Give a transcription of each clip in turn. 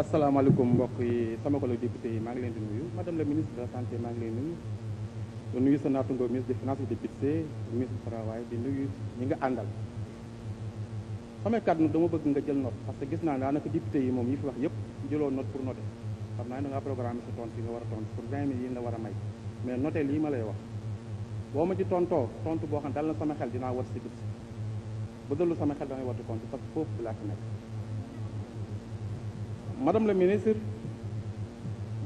asalaamaaleykum mbokk yi sama collègue député yi maa ngi leen di nuyu madame la ministre de santé maa ngi leen nuyu di nuyu sa naatango ministre des finances député ministre du travail di nuyu ñi nga àndal samay kàddu dama bëgg nga jël note parce que gis naa daanaka député yi moom yi fi wax yëpp jëloo note pour noter xam naa ne da ngaa programme sa tontu a tontu pour 20 mille yi la war a may mais noter lii ma lay wax boo ma ci tontoo tontu boo xam dal na sama xel dinaa war si bis ba dëllu sama xel damay wattu tontu parce que foofu bi laa ko Madame la ministre,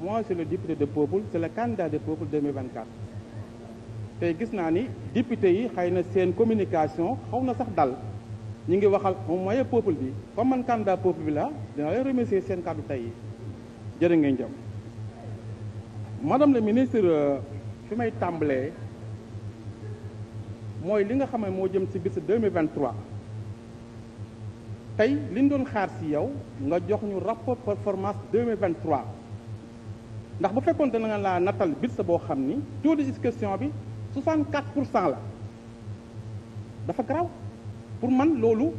moi je le député de peuple c'est le candidat de peuple 2024 tey gis naa ni député yi xëy na seen communication xaw na sax dal ñu ngi waxal au moyen peuple bi comme man candidat peuple bi la dina leen remercier seen kàddu tey yi jërë ngeen jëm madame la ministre fi may tàmbalee mooy li nga xam ne moo jëm ci bis 2023 tey li ñu doon xaar si yow nga jox ñu rapport performance 2023 ndax bu fekkoon te na laa nattal bit sa boo xam ni taux de discussion bi 64 pour cent la dafa garaaw pour man loolu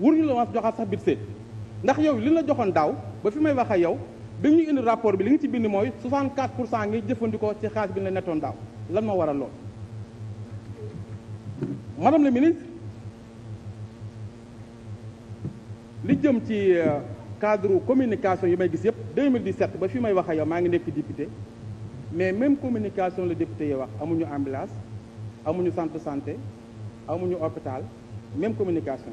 waruñu la wax joxaat sax bit seet ndax yow li la joxoon daaw ba fi may wax ak yow bi ñuy indi rapport bi li nga ci bind mooy 64 pour cent ngay jëfandikoo ci xaalis bi ñu la nettoon daaw lan moo waral lool madame la ministre li jëm ci euh, cadre communication yi may gis yëpp 2017 ba fi may wax ak yow maa ngi nekk député mais même communication la député yi wax amuñu ambulance amuñu centre santé amuñu hôpital même communication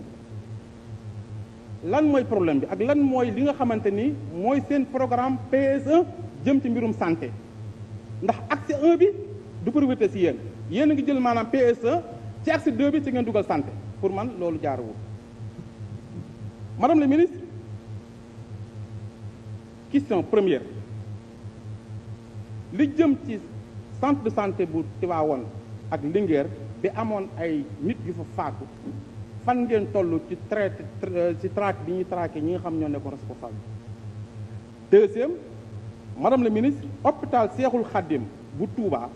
bi lan mooy problème bi ak lan mooy li nga xamante ni mooy seen programme PSE jëm ci mbirum santé ndax accès 1 bi du priorité si yéen yéen a ngi jël maanaam PSE ci accès 2 bi ci ngeen dugal santé pour man loolu jaaruwul Madame la ministre, question première li jëm ci centre de santé bu Tivaouane ak Linguère bi amoon ay nit yu fa faatu fan ngeen toll ci traité ci traque bi ñuy traqué ñi nga xam ñoo nekkoon responsable deuxième madame la ministre hôpital Seexul Xaddim bu Touba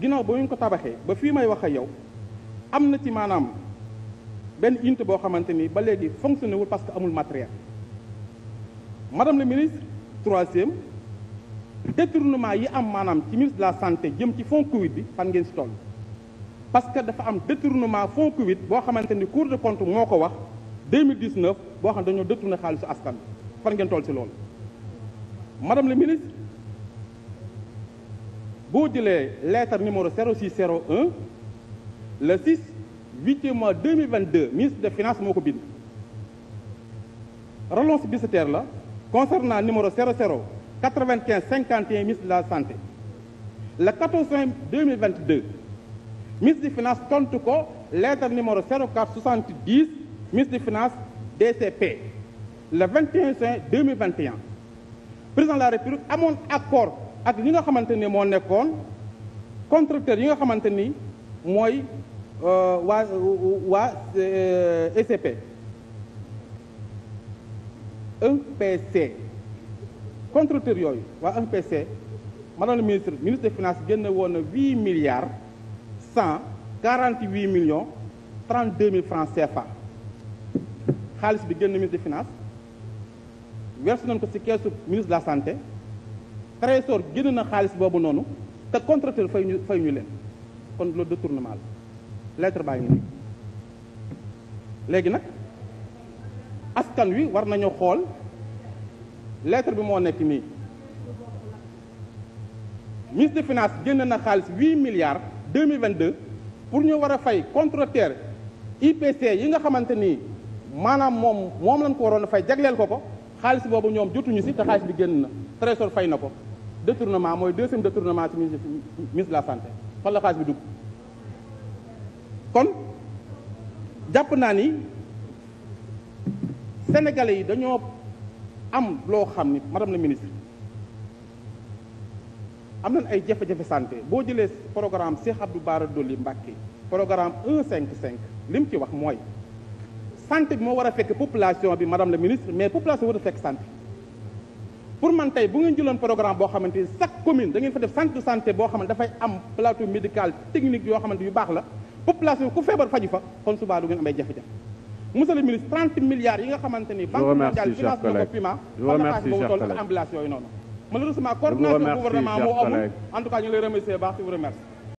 ginnaaw ba ñu ko tabaxee ba fii may wax ak yow am na ci maanaam benn unité boo xamante ni ba léegi fonctionné wul parce que amul matériel madame la ministre troisième détournement yi am maanaam ci ministre la santé jëm ci fonds covid bi fan ngeen si toll parce que dafa am détournement fonds covid boo xamante ni cour de compte moo ko wax 2019 boo xam ne dañoo détourné xaalisu askan fan ngeen toll si loolu madame la ministre boo jëlee lettre numéro 0601 le 6 8 mois 2022 ministre de finances moo ko bind relance budgétaire la concernant numéro 00 95 51 ministre de la santé le 14 juin 2022 ministre de finance tontu ko lettre numéro 04 70 ministre des finances DCP le 21 juin 2021 président de la république amoon accord ak ñi nga xamante ni moo nekkoon contracteurs yi nga xamante ni mooy Euh, waa waa ECP euh, e EPC contracteur yooyu waa EPC madame la ministre ministre des finances génne woon na milliards cent quarante huit millions trente deux mille francs CFA xaalis bi génn ministre des finances verse nañ ko ci keesu ministre de la santé trésor génn na xaalis boobu noonu te contracteur fay ñu fay ñu leen kon loolu détournement la lettre baa ngi nii léegi nag askan wi war nañu xool lettre bi moo nekk nii ministre des finances génn na xaalis huit milliards deux mille vingt deux pour ñu war a fay contracteur IPC yi nga xamante ni maanaam moom moom lañ ko waroon a fay jagleel ko ko xaalis boobu ñoom jotuñu si te xaalis bi génn na trésor fay na ko détournement mooy deuxième détournement ci ministre de la santé fan la xaalis bi dugg. kon jàpp naa ni sénégalais yi dañoo am loo xam ni madame la ministre am nañ ay jafe-jafe santé boo jëlee programme Cheikh Abdou Bara Dolly Mbacké cinq cinq li mu ci wax mooy santé bi moo war a fekk population bi madame la ministre mais population war a fekk santé pour man tey bu ngeen jëloon programme boo xamante ni chaque commune da ngeen fa def centre de santé boo xamante dafay am plateau médical technique yoo xamante yu baax la population ku feebar faju fa kon subaa ngeen amee jafe-jafe monsieur le ministre milliards yi nga xamante ni banque mondiale finance na ko piment xamnaaas boobu toll ak ambulance noonu malheureusement coordination gouvernement moo amul en tout cas ñu lay remercier baax di vous remercier